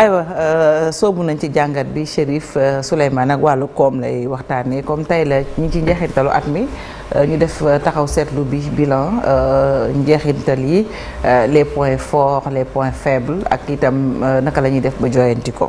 aywa euh, soobu nañ ci jàngat bi sherif euh, souleyman ak wàllu koom lay waxtaanee comme tey la ñi ci njeexintalu at ñu eh, def euh, taxaw seetlu bi bilan euh, njeexintal yi euh, les points forts les points faibles ak itam eh, naka la def ba joyantiko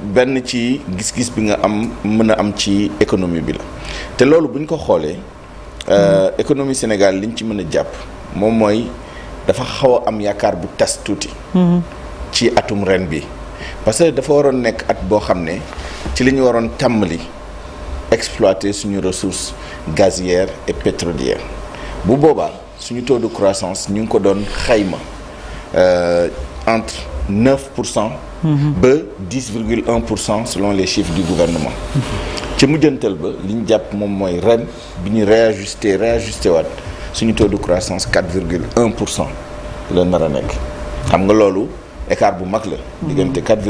ben ci gis-gis bi nga am mën am ci économie bi la te lolu buñ ko xolé euh économie Sénégal liñ ci mën japp mom moy dafa xaw am yakar bu tas tuuti mhm. ci atum ren bi parce que dafa waroon at bo xamné ci exploiter suñu ressources gazières et pétrolières bu boba suñu taux de croissance ñu ko ko xeyma euh entre 9 ba 10,1% selon les chiffres du gouvernement. ci mujjantal ba li ñu jàpp moom mooy ren bi ñu réajusté réajusté waat suñu taux de croissance 4,1%. Le 1 pour cent la nar a nekk xam nga loolu écart bu mag la. diggante 4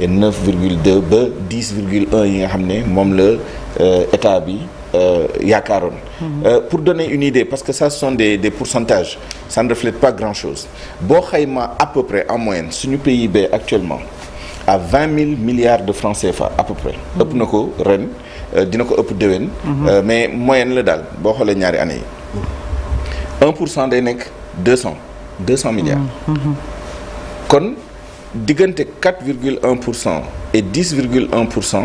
et 9,2. virgule 10,1 ba 10 virgule 1 yi nga xam ne moom euh, état bi. Euh, mhm. euh, pour donner une idée parce que ça ce sont des pourcentages ça ne reflète pas grand chose Bokhaïma à peu près en moyenne suñu PIB actuellement à 20 000 milliards de francs CFA à peu près. Mhm. ëpp ren euh, mhm. mais moyenne 1 des 200 200 milliards. kon diggante 4,1% et 10,1%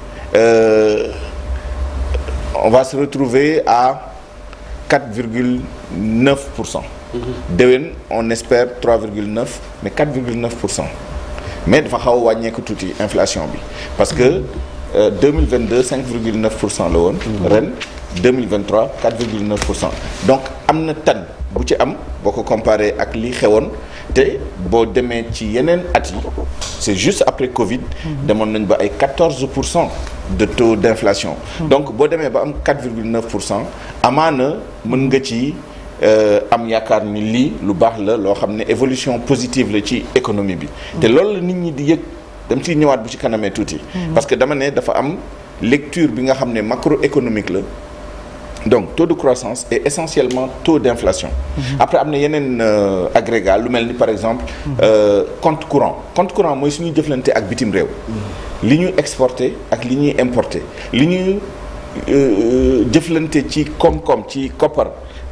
Euh, on va se retrouver à 4,9%. on espère 3,9 mais 4,9% mais il faut que l'inflation. parce que 2022 5,9% 2023 4,9% donc il y a am ak li c'est juste après Covid. nañ ba 14% de taux d'inflation. donc boo demee ba am 4,9 Amane, cent amaana mën nga ci euh, am yakar ni li lu bax la lo xam évolution positive la ci économie bi. té loolu nit ñi di yek dem ci ñëwaat bu ci kanamee tuuti. Hmm. parce que dama né dafa am lecture bi nga xamné macroéconomique la donc taux de croissance est essentiellement taux d'inflation mhm. après il y a agrégat lu par exemple mhm. euh, compte courant compte courant mooy suñuy jëflante ak bitim réew mhm. li ñuy exporté ak li ñuy importé Ce ñuy euh, euh, ci comme ci Copper,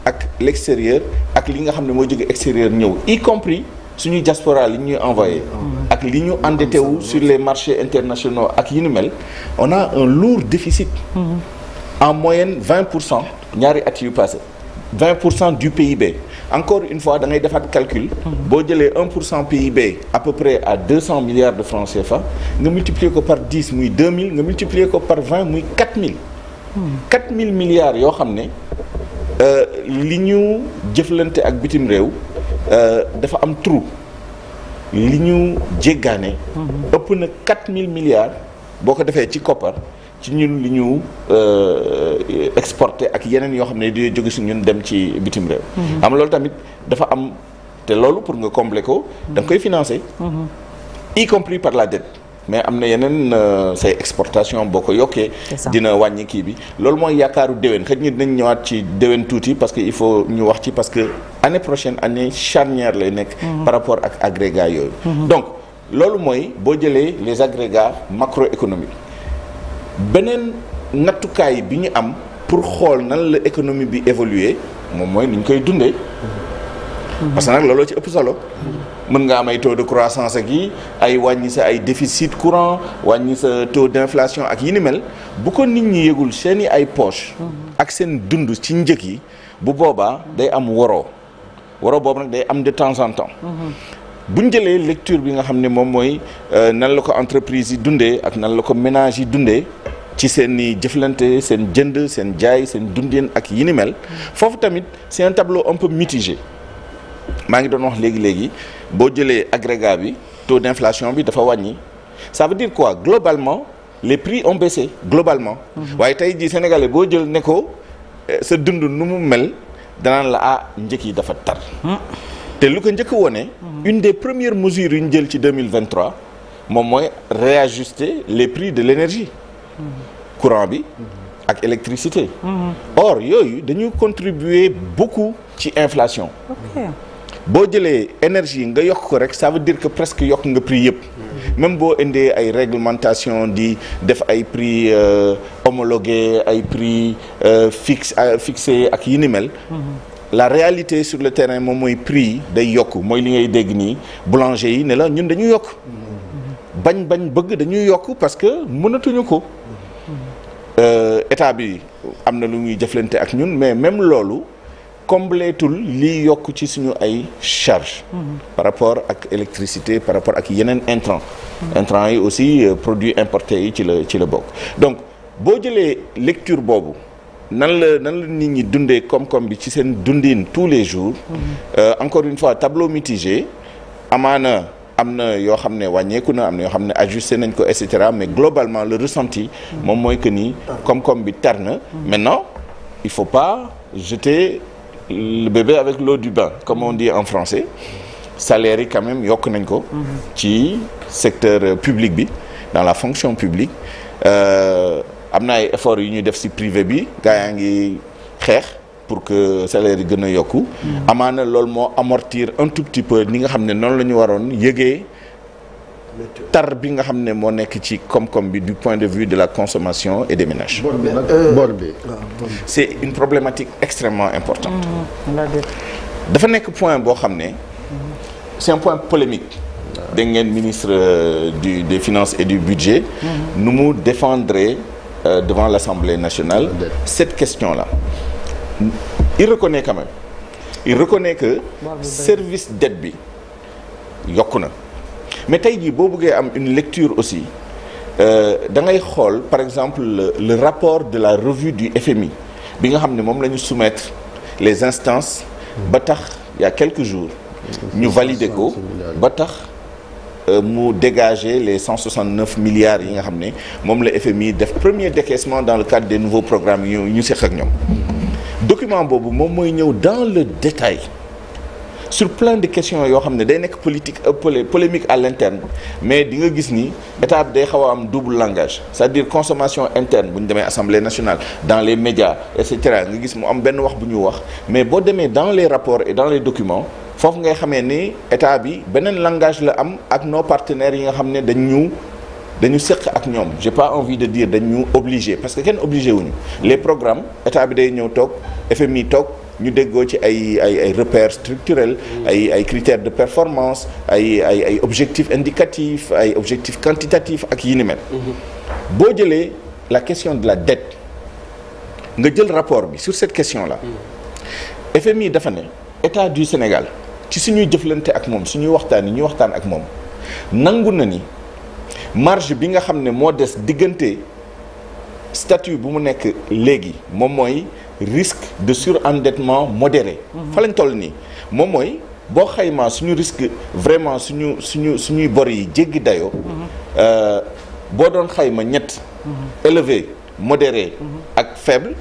avec l'extérieur et li nga xam ne extérieur y compris suñuy diaspora avons ñuy envoyé ak li ñu endetté sur les marchés internationaux ak on a un lourd déficit en moyenne 20 passé 20 du PIB encore une fois da ngay calculs, calcul. boo 1 PIB à peu près à 200 milliards de francs CFA Ne multipliez par 10 oui, 2000 Ne multiplier ko par 20 4000. 4000 milliards vous savez de ak bitim euh, dafa trou 4000 milliards boo ci copper ci ñun li ñu euh, exporté ak yeneen ne di jóge si ñun dem ci bitim mhm. am loolu tamit dafa am te pour nga combler Donc da nga koy financer. Mhm. y compris par la dette. mais am yenen ces euh, exportations exportation yoké dina wañi ki bi loolu moy yakaru dewen xëy na dinañ ñëwaat ci dewen touti parce que il faut ñu wax ci parce que année prochaine année charnière lay nekk. Mhm. par rapport ak agrégat yooyu. donc loolu moy bo jëlee les agrégats macroéconomiques. beneen nattukaay bi ñu am pour xool nan la économie bi évoluer moom mooy ni koy dundee. Mm-hmm. parce que nag looloo ci ëpp solo. mën nga am ay taux de croissance ak yi ay wàññi sa ay déficit courant wàññi sa taux d'inflation ak yi ni mel bu ko nit ñi yëgul seeni ay poche mm-hmm. ak seen dund ci njëg yi bu boobaa day am waroo waroo boobu nag day am de temps en temps. Mm-hmm. bu ñu lecture bi nga xam mom moy euh, nan la ko entreprise dundé ak nan la ko ménage dundé ci seen i jëflante jënd seen jaay seen dundien ak yini mel fofu tamit c'est un tableau un peu mitigé ma ngi don wax légui légui bo jëlé agrégat bi taux d'inflation bi dafa wañi ça veut dire quoi globalement les prix ont baissé globalement. Mm-hmm. waye tay ji sénégalais bo jël ne ko euh, sa dund nu mu mel la a ah, njëkk yi dafa tar. Hmm. Et lu que, mhm. une des premières mesures qu'on 2023 c'est de réajuster les prix de l'énergie mhm. courant bi l'électricité. Mhm. électricité or nous avons contribué beaucoup à l'inflation. Si l'énergie énergie nga ça veut dire que presque yok nga prix même si indee ay réglementation di def ay prix euh, homologué ay prix euh, euh, fixe fixé ak yi mel la réalité sur le terrain moom pri prix day yok moy li ngay dégg ni boulanger yi ne la ñun dañuy yok bagn bagn bëgg dañuy yok parce que mënatuñu ko euh, état bi amna lu ñuy jëflante ak ñun mais même loolu combletul li yok ci suñu ay charge par rapport ak électricité par rapport ak yenen intrants intrants yi aussi euh, produits importés yi ci le ci le bok donc bo jëlé lecture bobu dans le nan la nit ñi comme ci dundin tous les jours. Euh, encore une fois tableau mitigé amana amna yo xamné xam na amna yo xamné ko mais globalement le ressenti. moment moy que ni comme comme bi maintenant il faut pas jeter le bébé avec l'eau du bain comme on dit en français salaire quand même yok nañ ko. ci secteur public bi dans la fonction publique. Euh, amna na ay efforts yu ñuy def privé pour que salaire yi gën yokku amana amortir un tout petit peu ni nga xamné non lañu waron yégué, tar bi nga du point de vue de la consommation et des ménages. Euh, c'est une problématique extrêmement importante. Mm, dafa nekk point bo xamné c'est un point polémique. dégg ministre euh, du des finances et du budget. Nous mm-hmm. nous euh, devant l'Assemblée nationale cette question-là. Il reconnaît quand même. Il reconnaît que service dette bi mais taille du boo une lecture aussi dans les halls par exemple le, rapport de la revue du FMI nous nga ne soumettre les instances ba il y a quelques jours nous valider ko euh, mu dégager les 169 milliards qui ont été ne la FMI le premier décaissement dans le cadre des nouveaux programmes Nous, ñu seq ak document dans le détail sur plein de questions il y a day polémiques politique euh, à l'interne mais di nga gis ni état day am double langage c'est-à-dire consommation interne buñ démé assemblée nationale dans les médias etc. cetera nga gis mu am ben wax buñu wax mais dans les rapports et dans les documents il ngay xamee ni état bi benen langage la am ak nos partenaires yi nga nous ne dañ ñu dañu seq ak ñom j'ai pas envie de dire dañ ñu obligé parce que ken obligé wuñu les programmes état bi day ñëw tok FMI tok ñu déggo ci ay ay repères structurels ay ay critères de performance ay ay ay objectifs indicatifs ay objectifs quantitatifs ak yini ni mel mm-hmm. la question de la dette nga jël rapport bi sur cette question là mm-hmm. FMI dafa né état du Sénégal ci suñuy ak mom suñuy waxtaan ak nangu ni marge bi nga ne des statut bu mu nekk légui risque de surendettement modéré. Mhm. fa lañ toll ni suñu vraiment suñu suñu suñuy mhm. euh, mhm. élevé modéré faible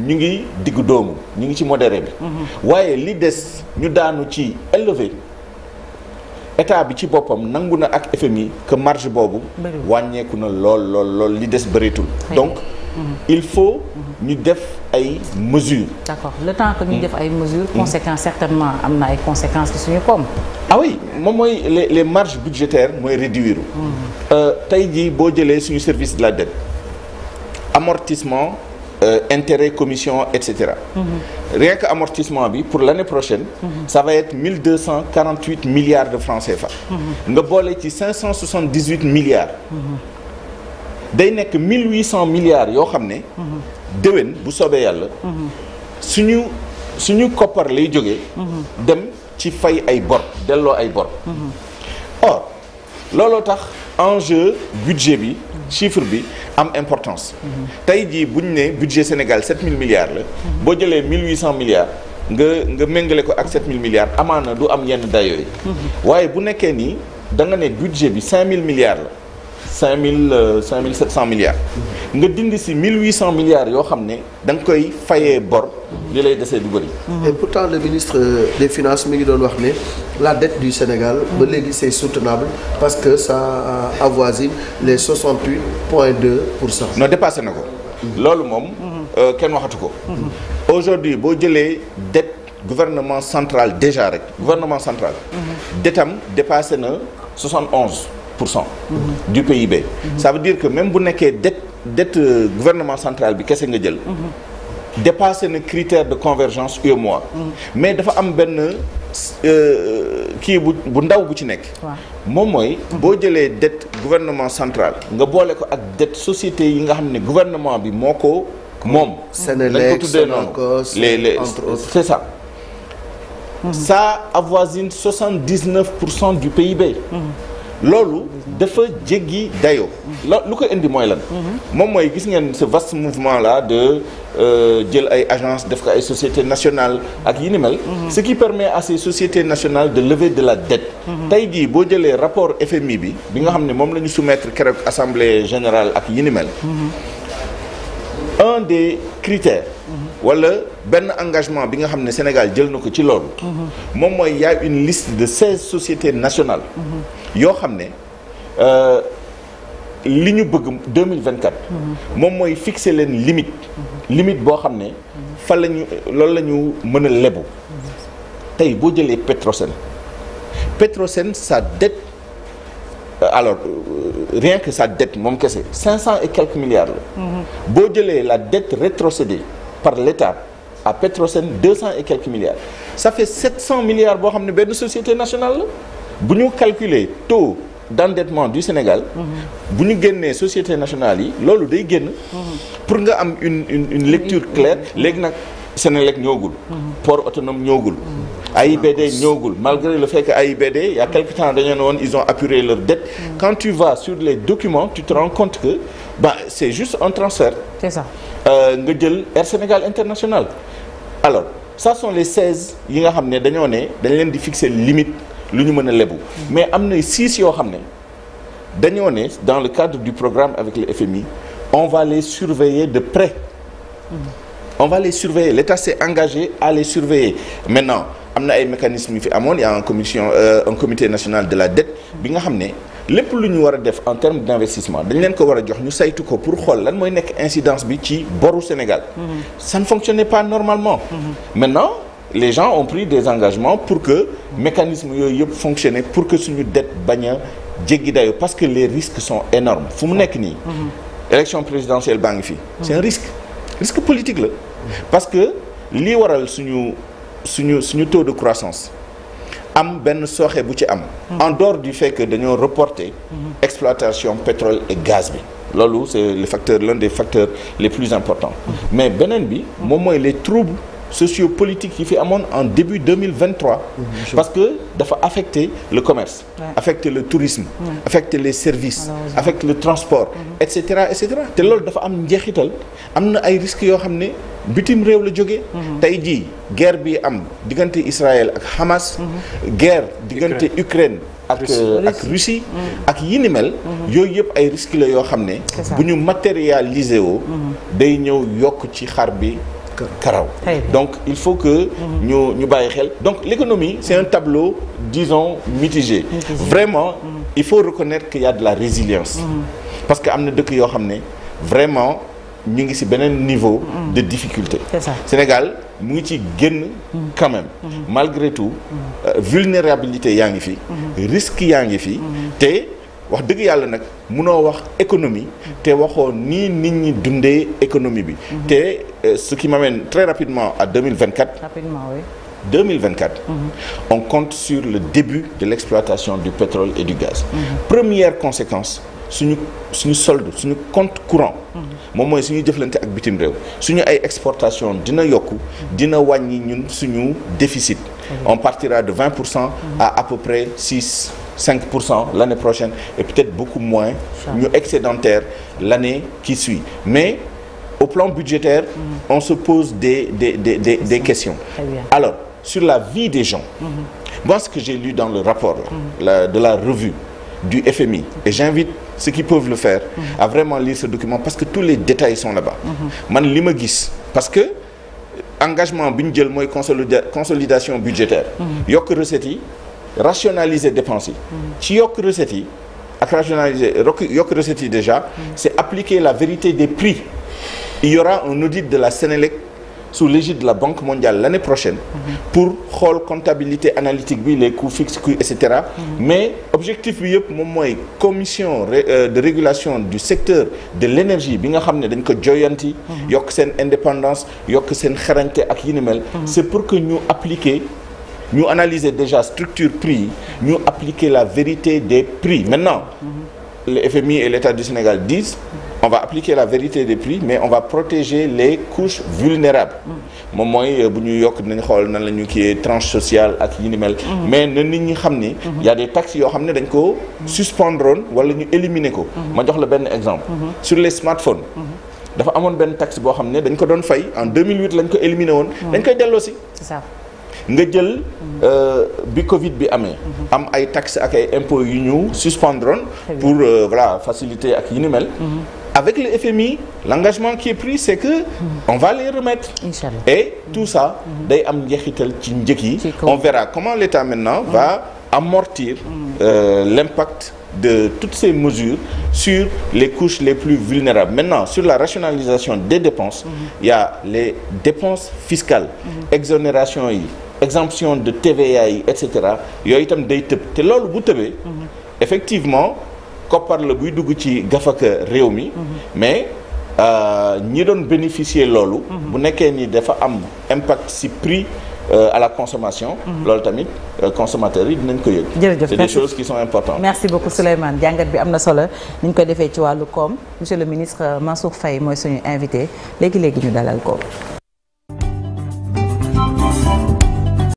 ñu ngi diggu doomu ñu ngi ci modéré bi mhm. waaye li des ñu daanu ci élevé état bi ci boppam nangu na ak FMI que marge boobu wàññeeku na lool lool lool li des bëreetul donc mhm. il faut mhm. ñu def ay mesures. d'accord le temps que ñu def ay mesures. conséquences certainement am na ay conséquences ci suñu koom. ah oui moom mooy les les marges budgétaires mooy réduire. Euh, tey jii boo jëlee suñu service de la dette amortissement. Euh, intérêt, intérêts, commissions, etc. Rien que pour l'année prochaine, ça va être 1248 milliards de francs CFA. Nous avons 578 milliards. day nekk 1800 milliards yoo vous dem ci fay ay bor or enjeu budget chiffre bi am importance. si le budget budget Sénégal 7000 milliards la. bo jëlee 1800 milliards. nga nga mengalé ko ak 7000 milliards amana du am yenn de yi. Mhm. bu da budget bi 5000 milliards 5700 euh, milliards. Nous avons si 1800 milliards yoo xam ne et pourtant le ministre euh, des finances dit la dette du Sénégal. ba est soutenable parce que ça avoisine les 68.2% Nous dépassé c'est ce que nous waxatu aujourd'hui boo jëlee dette gouvernement central déjà rek gouvernement central. dette dépassé na 71 du PIB ça veut dire que même bu nekkee dette dette euh, gouvernement central bi kese nga jël dépassé le critère de convergence UEMOA mais dafa am benn euh, kii qui bu ndaw bu ci moi, moi mooy boo jëlee dette gouvernement central nga boole ko ak dette société yi nga xam gouvernement bi moo ko moom c'est ça mm-hmm. ça avoisine 79 du PIB mm-hmm loolu dafa jéggi Dayo. lu ko indi moy lan. mom mm-hmm. moy gis ngeen ce vaste mouvement là de euh, jël ay agence def ko ay sociétés nationales ak yini mel. Mm-hmm. ce qui permet à ces sociétés nationales de lever de la dette. tay pour bo rapport FMI bi bi nga xamné mom soumettre assemblée générale ak yini mel. Mm-hmm. un des critères wala un engagement bi nga xam au Sénégal jël na ci loolu. y a une liste de 16 sociétés nationales. yoo xam ne euh, li bëgg 2024. Il mooy fixer une limite. limite il faut que nous la ñu loolu la Il a lebu. Petrosen. Petrosen sa dette euh, alors euh, rien que sa dette 500 et quelques milliards Si mm-hmm. boo la dette rétrocédée par l'État à Petrocène 200 et quelques milliards ça fait 700 milliards pour xam société nationale vous nous taux d'endettement du Sénégal Vous mhm. nous société nationale yi loolu day mhm. pour une lecture claire mhm. le port autonome ñëwagul AIBD Nyogul, malgré le fait que il y a quelques temps ils ont apuré leur dette quand tu vas sur les documents tu te rends compte que bah, c'est juste un transfert c'est ça euh, nga jël Air Sénégal International alors ça sont les 16 qui nga été fixés dañoo ne dañ de di fixer limite lu ñu mais am 6 yoo xam ne dans le cadre du programme avec le FMI on va les surveiller de près on va les surveiller l'État s'est engagé à les surveiller maintenant il y ay mécanismes fi il y a un commission euh, un comité national de la dette lépp lu ñu en termes d'investissement, c'est dañ leen ko nous a jox ñu saytu pour lan l'incidence incidence bi ci Sénégal. Mhm. ça ne fonctionnait pas normalement. Mhm. maintenant les gens ont pris des engagements pour que mécanisme mécanismes pour que suñu dette ne soient pas parce que les risques sont énormes fu mu que mhm. élection présidentielle c'est ngi un risque risque politique là, parce que ce qui suñu suñu taux de croissance am hmm. en dehors du fait que avons reporter. Hmm. exploitation pétrole et gaz c'est le facteur l'un des facteurs les plus importants. Hmm. mais benen bi moment les troubles sociopolitiques qui fi monde en début 2023. parce que dafa affecter le commerce. affecter le tourisme. affecter les services. affecter le transport. etc. c'est et cetera nous dafa am avons am risques bitim réew la jógee. Mhm. tay ji guerre bi am diganté Israël ak Hamas. Mhm. guerre diganté Ukraine ak euh, ak Russie mhm. ak yini mel. yoy yep ay risques la yo xamné buñu bu ñu day ñew yok ci xar bi. karaw donc il faut que ñu ñu bàyyi xel donc l'économie c'est un tableau disons mitigé vraiment il faut reconnaître qu'il y a de la résilience parce que amna na dëkk yoo vraiment nous ngi un niveau mm. de difficulté Sénégal mu ci mm. quand même mm-hmm. malgré tout mm. euh, vulnérabilité yaa mm-hmm. risque yaa fi mm-hmm. te wax deug yalla nak mëno wax économie te waxo ni nit ñi dundé économie bi te euh, ce qui m'amène très rapidement à 2024 rapidement oui 2024 on compte sur le début de l'exploitation du pétrole et du gaz première conséquence suñu solde suñu compte courant moom moy suñu jëflante ak bitim rew suñu ay exportation dina yokku dina ñun déficit on partira de 20 à à peu près 6 5 l'année prochaine et peut-être beaucoup moins ñu excédentaire l'année qui suit mais au plan budgétaire mm-hmm. on se pose des des des des, questions alors sur la vie des gens mm-hmm. moi ce que j'ai lu dans le rapport mm-hmm. de la revue du FMI. Et j'invite ceux qui peuvent le faire à vraiment lire ce document parce que tous les détails sont là-bas. Man parce que engagement bi ñu consolidation budgétaire. Yok recettes rationaliser dépenses Si ci rationaliser yok recettes déjà. c'est appliquer la vérité des prix. il y aura un audit de la Sénélec sous l'égide de la Banque mondiale l'année prochaine pour la comptabilité analytique les coûts fixes etc. mais objectif bi que la commission euh, de régulation du secteur de l'énergie joyanti indépendance c'est pour que nous appliquions, nous analyser déjà structure prix nous appliquions appliquer la vérité des prix maintenant le FMI et l'État du Sénégal disent on va appliquer la vérité des prix mais on va protéger les couches vulnérables Moi, moi, euh, bu ñu York, nañ nan tranche sociale ak mm-hmm. mais na nit ñi mm-hmm. y a des taxes qui xam ne dañ ko mm-hmm. suspendroon wala ñu éliminer ko ma jox la exemple sur les smartphones dafa a une taxe qui xam ne dañ en 2008 lañ ko éliminer woon mm. dañ c'est ça nga jël euh, bi Covid bi amé mhm. am ay taxes ak ay impôts yu ñu suspendron pour euh, voilà faciliter ak yi mel. Mhm. avec le FMI l'engagement qui est pris c'est que mhm. on va les remettre Inchallah. et tout ça day am njeexital ci yi on verra comment l'État maintenant va amortir euh, l'impact de toutes ces mesures sur les couches les plus vulnérables. Maintenant, sur la rationalisation des dépenses, mhm. il y a les dépenses fiscales, mhm. exonération, exemption de TVA, etc. Il y a des C'est mhm. effectivement, koppar la buy dugg ci gafaka réew Réomi, mais euh, ñi doon bénéficier de bu nekkee ni dafa am impact ci prix euh, à la consommation. Mhm. loolu tamit euh, consommateur, yi dinañ ko yëg. c'est des choses qui sont importantes. merci beaucoup Souleymane jàngat bi amna solo ni ñu ko defee ci wàllu monsieur le ministre euh, Mansour Faye mooy suñu invité léegi léegi ñu dalal ko.